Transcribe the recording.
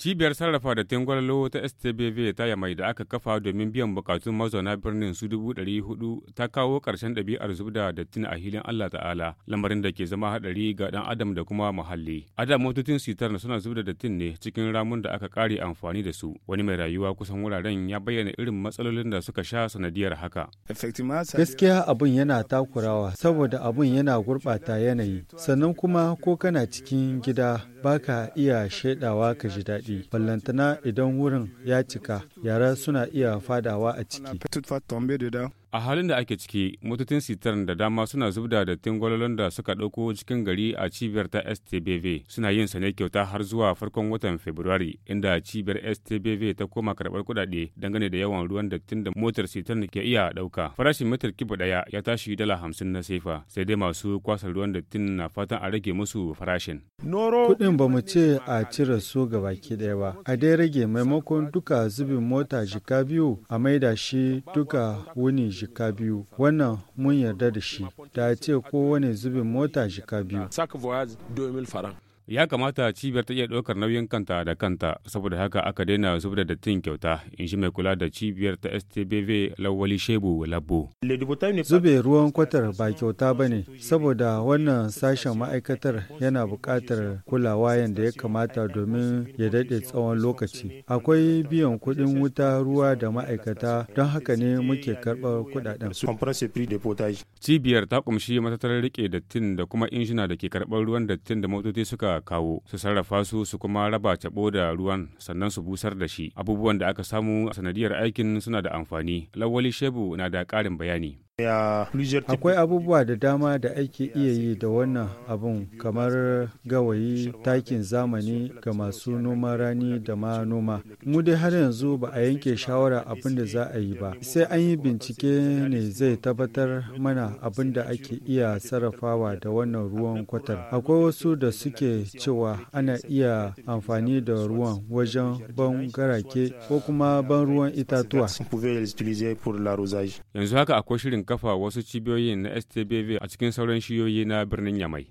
Cibiyar sarrafa da tingwalo ta STBV ta yamai da aka kafa domin biyan bukatun mazauna birnin su dubu ɗari hudu ta kawo ƙarshen ɗabi'ar zubda da dattin a hilin Allah Ta'ala lamarin da ke zama haɗari ga ɗan Adam da kuma muhalli. Adam motocin sitar suna zub da dattin ne cikin ramun da aka ƙare amfani da su. Wani mai rayuwa kusan wuraren ya bayyana irin matsalolin da suka sha sanadiyar haka. Gaskiya abun yana takurawa saboda abun yana gurɓata yanayi sannan kuma ko kana cikin gida baka iya shaidawa ka ji daɗi ballantana idan wurin ya cika yara suna iya fadawa a ciki a halin da ake ciki motocin sitar da dama suna zubda da tingwalolon da suka ɗauko cikin gari a cibiyar ta stbv suna yin sane kyauta har zuwa farkon watan february inda cibiyar stbv ta koma karbar kuɗaɗe dangane da yawan ruwan dattin da motar sitar ke iya ɗauka farashin mitar kibu ɗaya ya tashi dala hamsin na sefa sai dai masu kwasa ruwan dattin na fatan a rage musu farashin kuɗin ba mu ce a cire su ga baki ɗaya ba a dai rage maimakon duka zubin mota jika biyu a maida shi duka wuni jika biyu wannan mun yarda da shi da ce kowane zubin mota jika biyu ya kamata cibiyar ta iya ɗaukar nauyin kanta da kanta saboda haka aka daina zubar da dattin kyauta in shi mai kula da cibiyar ta stbv lawali shebu labo zube ruwan kwatar ba kyauta ba ne saboda wannan sashen ma'aikatar yana buƙatar kulawa yadda ya kamata domin ya daɗe tsawon lokaci akwai biyan kuɗin wuta ruwa da ma'aikata don haka ne muke karɓar kuɗaɗen cibiyar ta ƙumshi matattarar riƙe dattin da kuma injina da ke karɓar ruwan dattin da motoci suka kawo su sarrafa su su kuma raba cabo da ruwan sannan su busar da shi abubuwan da aka samu a sanadiyar aikin suna da amfani lawali shebu na da ƙarin bayani Akwai abubuwa da dama da ake iya yi da wannan abun kamar gawayi, takin zamani ga masu noma rani da ma noma. Mu dai har yanzu ba a yanke shawara abin da za a yi ba. Sai an yi bincike ne zai tabbatar mana abin da ake iya sarrafawa da wannan ruwan kwatar. Akwai wasu da suke cewa ana iya amfani da ruwan wajen ban garake ko kuma ban ruwan itatuwa. Yanzu haka akwai shirin kafa wasu cibiyoyin na STBV a cikin sauran shiyoyi na birnin Yamai.